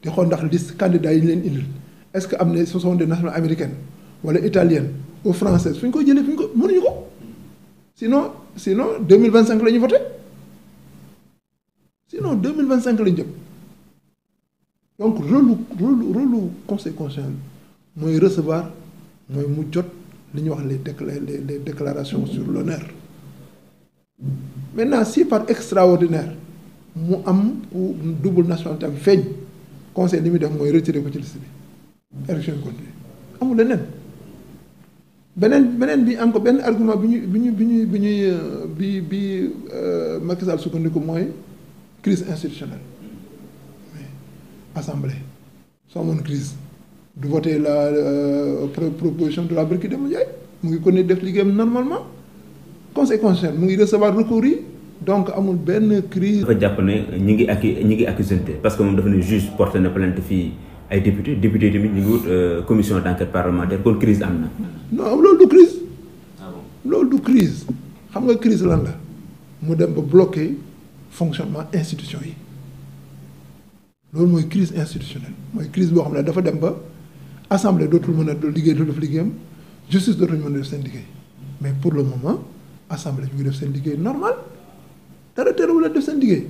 te xool ndax liste candidats yi ñu leen indil est-ce que am na ce sont des nationaux américaines wala italiennes ou françaises fu ñu ko jëlee fu ñu ko ñu ko sinon sinon deux mille vingt cinq la ñu voté sinon deux mille vingt cinq la ñu jëm donc rôle rôle rôle conseil constitutionnel mooy recevoir mooy mu jot li ñuy wax les les les déclarations sur l'honneur maintenant si par extraordinaire mu am double nationalité am feeñ. conseil li muy def mooy retiré ko ci liste bi élection yi continue amul leneen beneen beneen bi am ko benn argument bi ñuy bi ñu bi ñuy bi ñuy bi bi euh, Macky Sall sukkandiku mooy crise institutionnelle mais assemblée soo amoon crise du voter la euh, proposition de la Brigade Demba Ndiaye mu ngi continuer def liggéeyam normalement conseil constitutionnel mu ngi recevoir recours yi donc amul benn crise dafa jàpp ne ñi ngi accu ñi ngi accusante parce que moom dafa ne juge porté na plainte fii ay député député tamit ñu ngi wut euh, commission d' enquête parlementaire kon crise am na. non loolu du crise ah loolu du xam nga crise lan la mu dem ba bloqué fonctionnement institution yi loolu mooy crise institutionnelle mooy crise boo xam ne dafa dem ba assemblée dootul mën a liggéey dootul def liggéeyam justice dootul mën a def seen liggéey mais pour le moment assemblée ñu ngi def seen liggéey normal dara terewul a def seen liggéey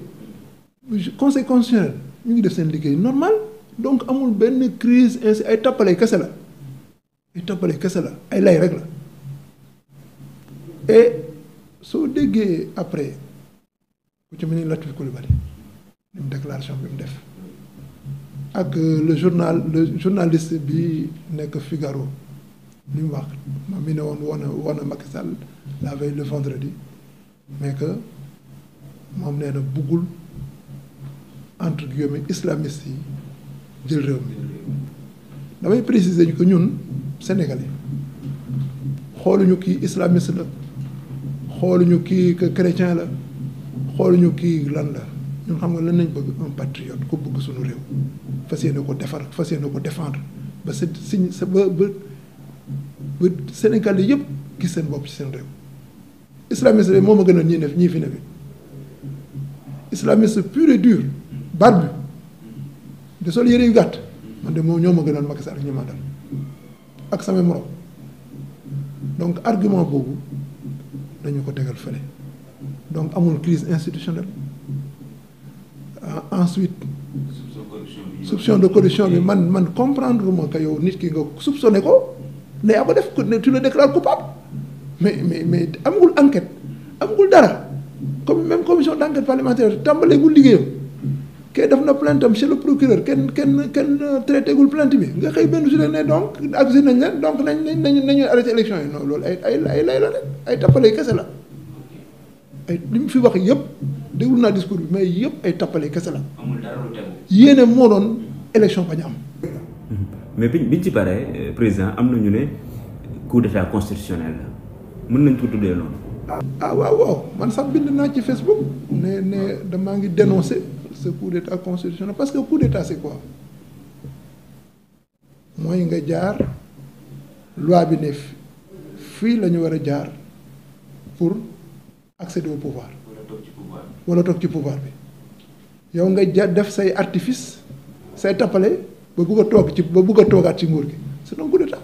conseil constitutionnel ngi def seen liggéey normal donc amul benn crise ainsi ay tappale kese la ay kese la ay lay rek la et soo déggee après ku ci mu ni Latif Coulibaly lim déclaration bi mu def ak le journal le journaliste bi nekk Figaro li mu wax ma mi ne woon woon a woon a Macky la veille le vendredi mais moom nee na buggul entre guillemets islamiste yi jël réew mi damay préciser ñu ko ñun sénégalais xooluñu kii islamiste la xooluñu kii que chrétien la xooluñu kii lan la ñun xam nga lan nañ bëgg un patriote ku bëgg suñu réew fas yéene ko defar fas yéene ko défendre ba sa si sa ba ba ba sénégalais yëpp gis seen bopp ci seen réew islamiste la moom a gën a ñii ne ñii fi ne bi islamiste pur et dur barbu de sol yére yu gàtt man de moom ñoo ma gënal Macky Sall ak ñi ma dal ak samay morom donc argument boobu dañu ko tegal fële donc amul crise institutionnelle ah, ensuite soupçon de corruption bi man man comprendre ma que yow nit ki nga soupçonné ko ne def ko def tu le déclares coupable mais mais mais amul enquête comme même commission d' enquête parlementaire tàmbaleegul liggéeyam kay def na plainte am chez le procureur kenn kenn kenn traité gul plainte bi nga xëy benn journée ne donc accusé nañ leen donc nañ nañ nañu arrêté élection yi non loolu ay ay ay lay la rek ay tappale kese la ay li mu fi wax yëpp déglu naa discours bi mais yëpp ay tappale kese la. amul moo doon élection bañ am. mais bi biñ ci paree euh, président am na ñu ne coup d'état constitutionnel la mën nañ ko tuddee noonu. ah waaw waaw man sax bind naa ci Facebook ne ne damaa ngi dénoncer ce coup d'état constitutionnel parce que coup d'état c'est quoi mooy nga jaar loi bi ne fii lañu war a jaar pour accéder au pouvoir. wala toog ci pouvoir bi yow nga ja def say artifice say tappale ba bugg a toog ci ba bugg a toogaat ci nguur gi c'est un coup d'état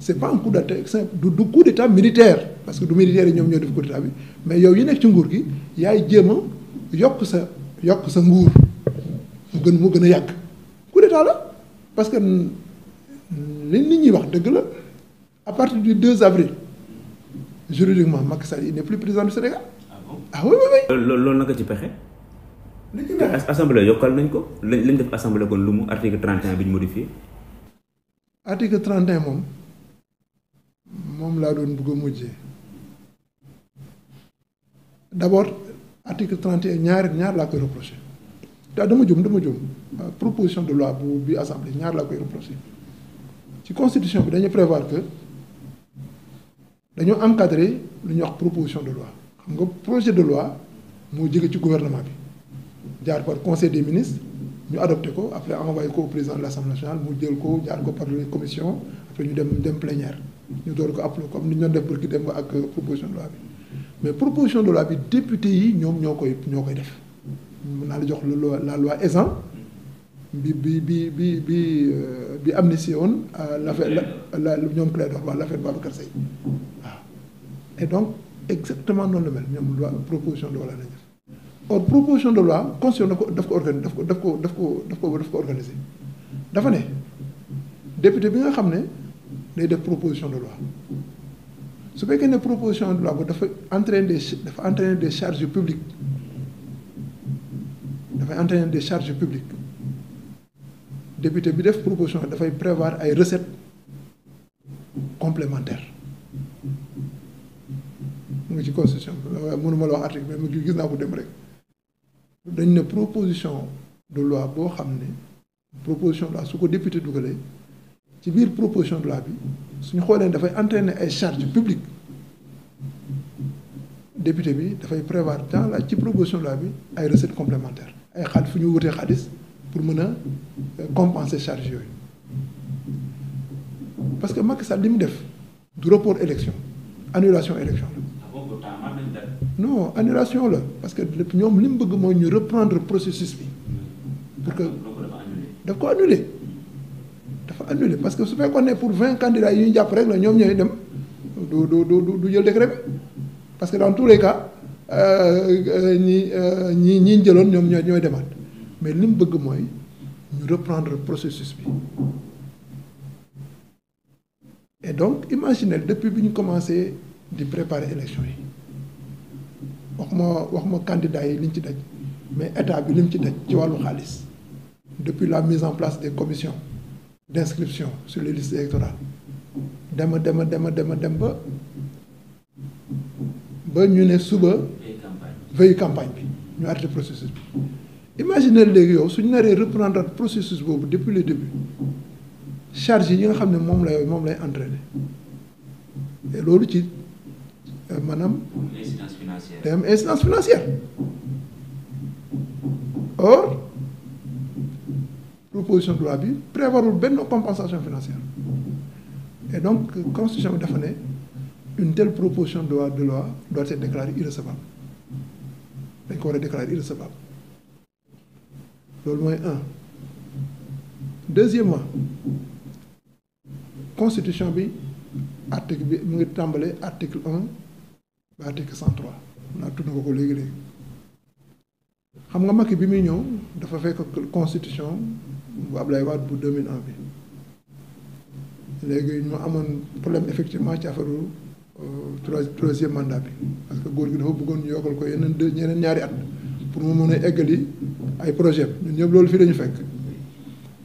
c'est pas un coup d'état simple du du coup d'état militaire parce que du militaire yi ñoom ñoo def coup d'état bi mais yow yi nekk ci nguur gi yaay jéem yokk sa yokk sa nguur mu gën mu gën a yàgg coup d'état la parce que li nit ñi wax dëgg la à partir du 2 avril juridiquement Macky Sall il n'est plus président du Sénégal. ah bon ah oui oui oui. loolu naka ci pexe. li ci pexe assemblée yokkal nañ ko lañ def assemblée kon lu mu article 31 bi ñu modifié. article 31 moom. moom laa doon bugg a mujjee d'abord article 31 ñaar ñaar laa koy reproché te dama jum dama jum euh, proposition de loi bu bi assemblée ñaar laa koy reproché ci constitution bi dañu prévoir que dañoo encadrer lu ñuy wax proposition de loi xam nga projet de loi moo jóge ci gouvernement bi jaar par conseil des ministres ñu adopté ko après envoyé ko au président de l'Assemblée nationale mu jël ko jaar ko par les commissions après ñu dem dem plénière ñu door ko appelé comme ni ñu doon def pour ki dem ak euh, proposition de loi bi mais proposition de loi bi député yi ñoom ñoo koy ñoo koy def naa la jox la loi la loi Ezzan bi bi bi bi bi euh, bi amnistie woon euh, l'affaire la ñoom Clédor waaw l'affaire Babacar Seye waaw et donc exactement noonu la mel ñoom loi proposition de loi la or oh, proposition de loi constitution daf ko daf ko daf ko daf ko daf ko daf ko organisé dafa ne député bi nga xam ne day def proposition de loi su fekkee ne proposition de loi ba dafa entraîner des dafa entraîner des charges publiques dafay entraîner des charge publiques député bi def proposition dafay prévoir ay recettes complémentaires mu ngi ci constitution mënuma la wax article mais gis naa ko dem rek dañ ne proposition de loi boo xam ne proposition de loi su ko député dugalee ci biir proposition de loi bi suñu xoolee dafay entraîner ay charges publiques député bi dafay prévoir dans la ci proposition de loi bi ay recettes complémentaires ay xaalis fu ñu wutee xaalis pour mën a euh, compenser charges yooyu parce que Macky sax li mu def du report élection annulation élection la non annulation la parce que ñoom li mu bëgg mooy ñu reprendre processus bi pour que daf ko annuler dafa annuler parce que su fekkoon ne pour vingt candidats yi ñu jàpp rek la ñoom ñooy dem du du du du jël décret bi parce que dans tous les cas euh, euh, ñi ñi ñi jëloon ñoom ñooy ñooy demaat mais li mu bëgg mooy ñu reprendre processus bi et donc imaginez depuis bi ñu commencé di préparer élection yi wax ma wax ma candidat yi liñ ci daj mais état bi lim ci daj ci wàllu xaalis depuis la mise en place des commissions d'inscription sur les listes électorales dema dema dema dema dem ba ba ñu ne suba veille campagne bi ñu arrêté procesus bi imaginer léegi yow suñu naree reprendre processus boobu depuis le début charge yi nga xam ne moom lay moom lay entraîner et loolu ci maanaam. incidence financière or proposition de loi bi prévoirul benn compensation financière et donc constitution bi dafa ne une telle de loi de loi doit être déclarée irrecevable dañ ko war a déclarer irrecevable loolu mooy un deuxièmement constitution bi article bi mu ngi tàmbalee article un. ba article cent trois naa tudd nga ko léegi léegi xam nga Macky bi muy ñëw dafa fekk constitution bu Ablaye Wade bu en bi léegi ñu amoon problème effectivement ci affaire euh, trois troisième mandat bi parce que góor gi dafa bëggoon ñu yokkal ko yeneen deux ñeneen ñaari at pour mu mën a eggali ay projet ñun ñëpp loolu fii lañu fekk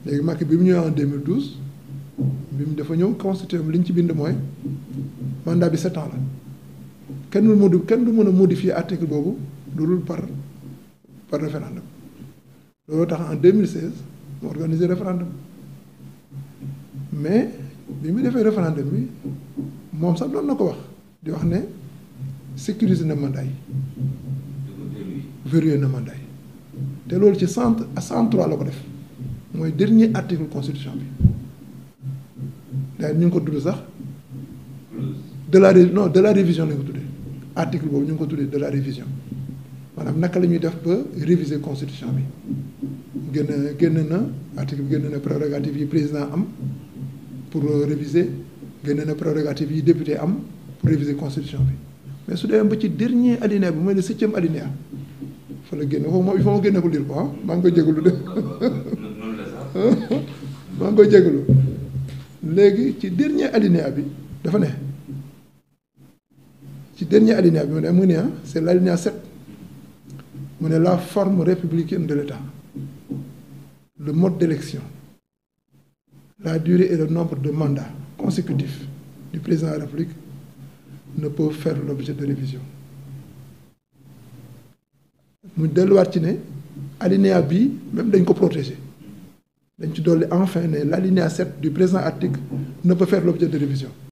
léegi Macky bi mu ñëwee en 2012 bi mu dafa ñëw constitution bi li ci bind mooy mandat bi sept la. kenn du modi kenn du mën a modifier article boobu lu dul par par référendum loolu tax en 2016 mu organiser référendum mais bi muy defee référendum bi moom sax doon na ko wax di wax ne sécuriser na mandat yi verrouiller na mandat te loolu ci centre à cent la ko def mooy dernier article constitution bi daal ñu ngi ko tudd sax de la non de la révision la ñu ko tuddee article boobu ñu ngi ko tuddee de la révision maanaam naka la ñuy def ba réviser constitution bi génn génn na article bi génn na prérogative yi président am pour euh, réviser génn na prérogative yi député am pour réviser constitution bi mais su demee ba ci dernier alinéa bi mooy le septième alinéa fa la génn foofu moom il génne ko lire ko ah. maa ngi koy jégalu de maa ngi koy jégalu léegi ci dernier alinéa bi dafa ne ci dernier alinéa bi mu ne mu ne ah c'est l'alinéa 7 mu ne la forme républicaine de l'État le mode d'élection la durée et le nombre de mandats consécutifs du président de la République ne peuvent faire l'objet de révision mu delluwaat ci ne alinéa bi même dañ ko protéger dañ ci dolli enfin ne l'alinéa 7 du présent article ne peut faire l'objet de révision